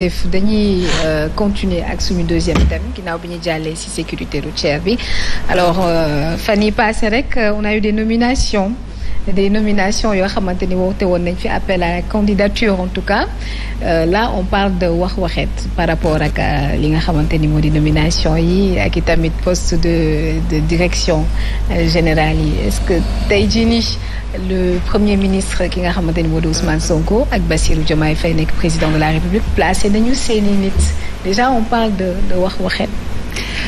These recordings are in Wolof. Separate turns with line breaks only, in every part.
def dañuy euh, continuer ak suñu deuxième thème ginnaaw bi ñu jàllee ci sécurité routière bi alors euh, fan yi passé rek euh, on a eu des nominations des nominations yoo xamante ni woote woon nañ fi appel à la candidature en tout cas euh, là on parle de wax waxeet par rapport ak euh, li nga xamante ni moo di nomination yi ak i tamit poste de de direction euh, générale yi est-ce que tey jii nii le premier ministre ki nga xamante ni moo di Ousmane Sonko ak Bassirou Diomaye Faye nekk président de la République placé nañu seeni nit déjà on parle de wax waxeet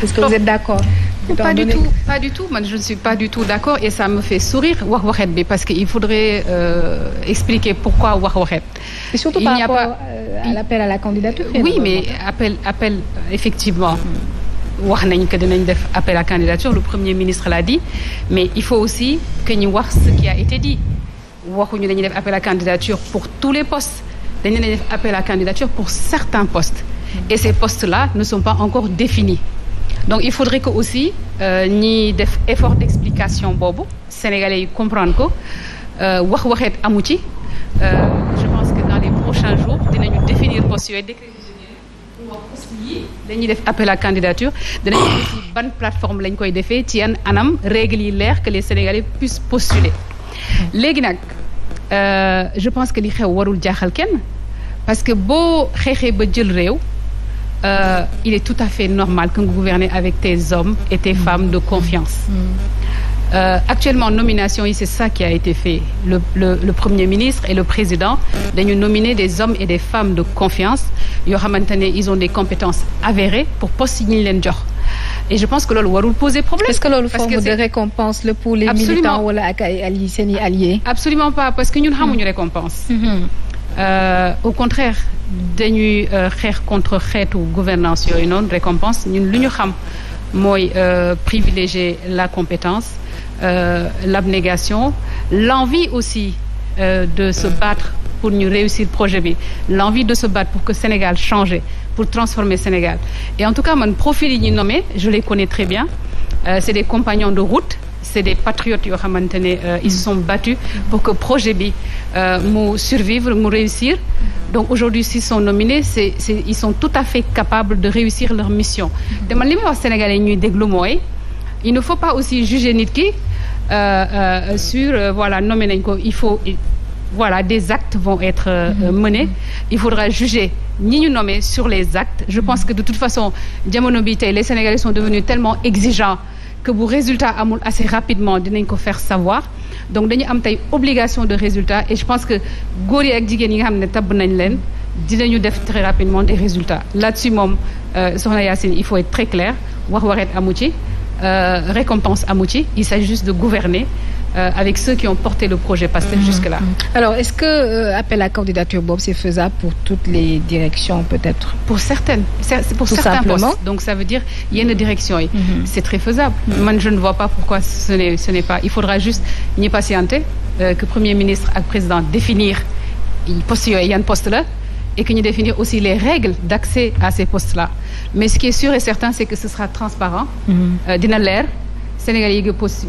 est que vous êtes d'accord pas du tout
pas du tout man je ne suis pas du tout d'accord et ça me fait sourire wax waxet bi parce que il faudrait euh, expliquer pourquoi wax waxet. et surtout il par rapport pas...
Euh, à la candidature.
oui mais appel euh, effectivement. wax nañ que dinañ def appel à candidature le premier ministre l'a dit mais il faut aussi que ñu wax ce qui a été dañuy def appel à candidature pour tous les postes dañu def appel à candidature pour certains postes. et ces postes là ne sont pas encore définis. donc il faudrait que aussi euh, ñiy def effort d'explication boobu sénégalais yi comprendre ko euh, wax waxeet amu ci euh, je pense que dans les prochains jours dinañu définir postes yooyu décret pour wax postes yi dañuy def appel à candidature dinañu aussi ban plateforme lañ koy defee ci yan anam règles yi leer que les sénégalais puissent postuler léegi nag je pense que li xew warul jaaxal kenn parce que boo xeexee ba jël réew euh, il est tout à fait normal que nga gouverne avec tes hommes et tes mm. femmes de confiance. Mm. Euh, actuellement nomination yi c'est ça qui a été fait le le le premier ministre et le président dañu nominer des hommes et des femmes de confiance yoo xamante ne ils ont des compétences avérées pour postes yi ñu leen jox. et je pense que loolu warul poser problème. est-ce que loolu forme
récompense la pour les. militants seen
absolument pas parce que ñun mm. xamuñu récompense. Mm -hmm. Euh, au contraire dañuy euh, xeex contre xeetu gouvernance yooyu noonu récompense ñun lu ñu xam mooy euh, privilégier la compétence l'abnégation l'envie aussi de se battre pour ñu réussir projet bi l'envie de se battre pour que Sénégal change pour transformer Sénégal et en tout cas man profil yi ñu nommé je les connais très bien c'est des compagnons de route c'est des patriotes yoo xamante ne euh, ils se sont battus pour que projet bi euh, mu survivre mu réussir donc aujourd'hui s'ils sont nominés c'est c'est ils sont tout à fait capables de réussir leur mission te man li may wax sénégalais ñuy déglu mooy il ne aussi juger nit ki euh, sur voilà nommé nañ ko il faut voilà des actes vont être euh, mm-hmm. menés il faudra juger ñi ñu nommé sur les actes je pense mm-hmm. que de toute façon jamono bi tey les sénégalais sont devenus tellement exigeants que bu résultat amul assez rapidement dinañ ko faire savoir donc dañu am tey obligation de résultat et je pense que góor yi ak jigéen yi nga xam ne tabb nañ leen dinañu def très rapidement des résultats là-dessus moom euh, soxna Yacine il faut être très clair wax wareet amu ci euh, récompense amu ci il s'agit juste de gouverner Euh, avec ceux qui ont porté le projet PASTEF mmh, jusque-là. Mmh.
Alors, est-ce que euh, appel à candidature Bob, c'est faisable pour toutes les directions peut-être
Pour certaines, pour Tout certains simplement. postes. Donc ça veut dire il y a une direction, mmh. c'est très faisable. Mhm. Moi, je ne vois pas pourquoi ce n'est pas. Il faudra juste n'y patienter euh, que Premier ministre ak président définir poste yooyu yan poste la et que ñu définir aussi les règles d'accès à ces postes-là. Mais ce qui est sûr et certain, c'est que ce sera transparent. Mhm. Euh, dina leer. Sénégal yi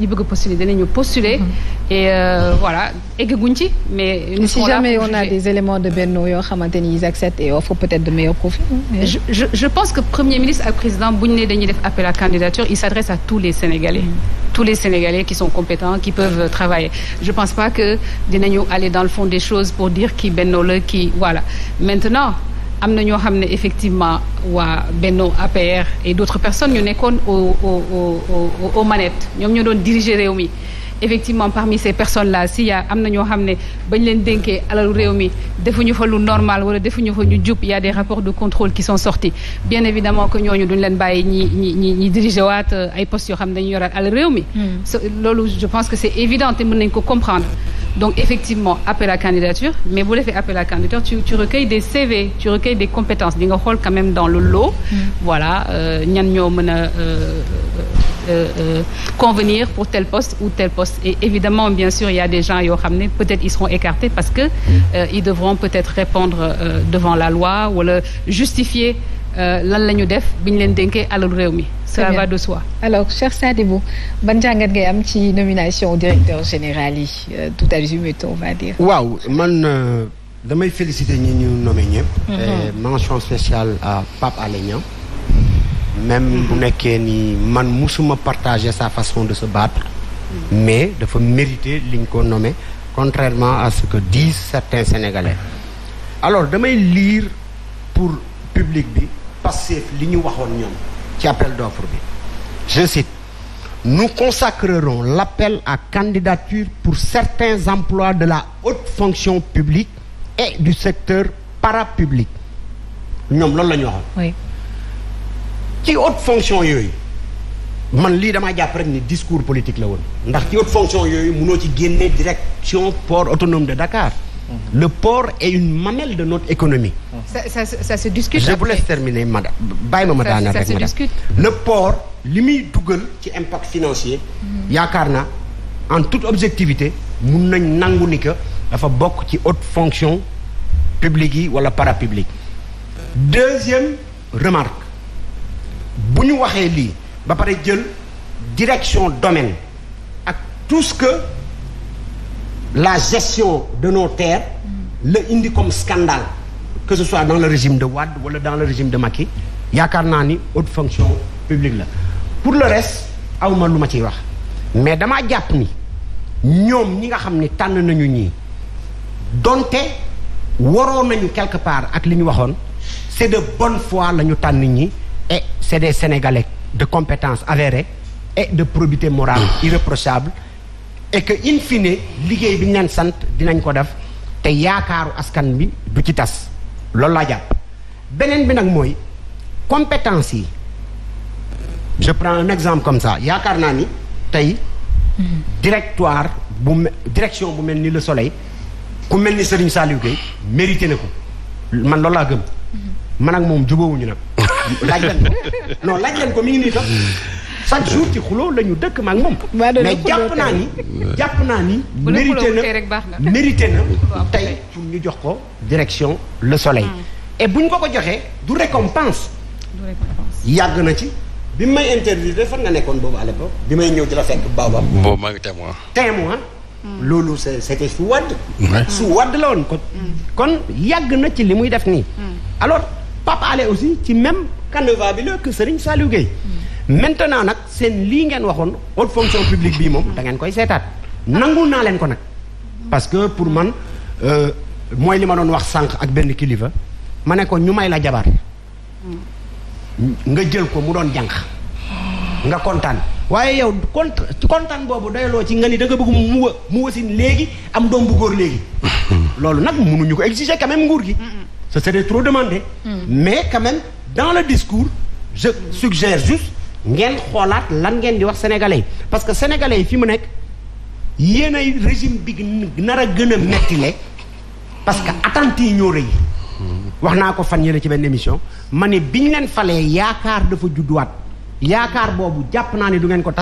bëgg a postuler dinañu postuler. Mm-hmm. et euh, voilà eggaguñ ci mais. nous si jamais on a
des éléments de Benno yoo xamante ni ils acceptent et offrent peut-être de meilleurs profils.
je je je pense que premier ministre ak président bu ñu nee dañuy def appel à candidature il s'adresse à tous les Sénégalais. Mm-hmm. tous les Sénégalais qui sont compétents qui peuvent euh, travailler je pense pas que dinañu aller dans le fond des choses pour dire qui Benno la qui voilà maintenant. am na ñoo xam ne effectivement waa Benno APR et d'autres personnes ñu nekkoon au au au aux ñoom ñoo doon diriger réew mi effectivement parmi ces personnes là si yaa am na ñoo xam ne bañ leen dénkee alalu réew mi defuñu fa lu normal wala defuñu fa ñu jub y a des rapports de contrôle qui sont sortis bien évidemment que ñooñu duñ leen bàyyi ñi ñi ñi ñi diriger waat euh, ay postes yoo xam ne dañuy yoraat alal réew mi hmm. loolu je pense que c'est évident te mën nañ ko comprendre donc effectivement appel à candidature mais bu defee appel à candidature tu recueilles des CV tu recueilles des compétences di nga xool quand même dans le lot. Mm. voilà euh, ñan ñoo mën a euh, euh, convenir pour tel poste ou tel poste et évidemment bien sûr il y a des gens yoo xam ne peut-être ils seront écartés parce que euh, ils devront peut-être répondre euh, devant la loi wala justifier. Euh, lan la ñu def bi ñu leen dénkee alalu réew mi. ça va de soi.
alors cher Sadibou ban jàngat ngay am ci nomination directeur général yi euh, tout azimut
waaw man euh, damay féliciter ñi ñu nommé ñëpp. Mhm. mention spéciale à Pape Alé Niang. bu nekkee ni man mosuma partager sa façon de se battre. Mhm. mais dafa mériter liñ ko nommé contrairement à ce que disent certains Sénégalais. alors damay lire pour public bi. Pastef li ñu waxoon ñoom ci appel d'offre bi je cite nous consacrerons l'appel à candidature pour certains emplois de la haute fonction publique et du secteur parapublic ñoom loolu la ñu waxoon ci haute fonction yooyu man lii damaa jàpp rek ni discours politique la woon ndax ci haute fonction yooyu mënoo ci génne direction port autonome de Dakar le port est une mamelle de notre économie.
ça ça ça, ça se discute. je vous laisse
terminer madame bàyyi ma ma rek madame le port li muy dugal ci impact financier. Mhm. yaakaar naa en toute objectivité mun nañ nangu ni que dafa bokk ci haute fonction publique yi wala parapublique. deuxième remarque bu ñu waxee lii ba pare jël direction domaine ak tout la gestion de nos terres la indi comme scandale que ce soit dans le régime de Wade wala dans le régime de Macky yaakaar naa ni haute fonction publique la pour le reste awma lu ma ciy wax mais dama jàpp ni ñoom ñi nga xam ni tànn nañu ñii donte waroon nañu quelque part ak li ñu waxoon c'est de bonne foi la ñu tànn ñi et c'est des Sénégalais de compétence avérées et de probité morale irréprochable e que in liggéey bi ñu sant dinañ ko def te yaakaaru askan bi du ci tas loolu laa jàpp beneen bi nag mooy compétence yi je prends un exemple comme ça yaakaar naa ni tey directoire bu direction bu mel ni la soleil ku mel ni Serigne Saliou Gueye mérité na ko man loolu laa gëm man ak moom jubóowuñu nag laaj leen ko non laaj leen ko mi ngi nii sax chaque jour ci xuloo la ñu dëkk maak moom. mais jàpp naa ni jàpp naa ni. mérité na mérité na tey pour ñu jox ko direction le soleil. Hmm. et bu ñu ko ko joxee du récompense. du yàgg na ci. bi may interdire de fan nga nekkoon boobu à l'époque bi may ñëw ci la fekk baobab. boobu maa ngi témoin. témoin. Hmm. loolu c'était su wadd. su wadd la woon hmm. kon. yàgg na ci li muy def nii. alors Pape Alé aussi ci même canevas bi la que Serigne Saliou Gueye. maintenant nag seen lii ngeen waxoon haute fonction publique bii moom da koy seetaat nangul naa leen ko nag parce que pour man euh, mooy li ma doon wax sànq ak benn kilifa ma ne ko ñu may la jabar nga jël ko mu doon jànq nga kontaan waaye yow kont kontaan boobu loo ci nga ni da nga bëgg mu mu wasin léegi am doom bu góor léegi loolu nag mënuñu ko exiger quand nguur gi ce serait trop demandé mais quand même dans le discours je suggère juste ngeen xoolaat lan ngeen di wax sénégalais yi parce que sénégalais yi fi mu nekk yéen ay régime bi nar a gën a mettile parce que attente yi ñoo wax naa ko fan yële ci benn émission ma ne biñ leen falee yaakaar dafa judduwaat yaakaar boobu jàpp naa ne du ngeen ko tas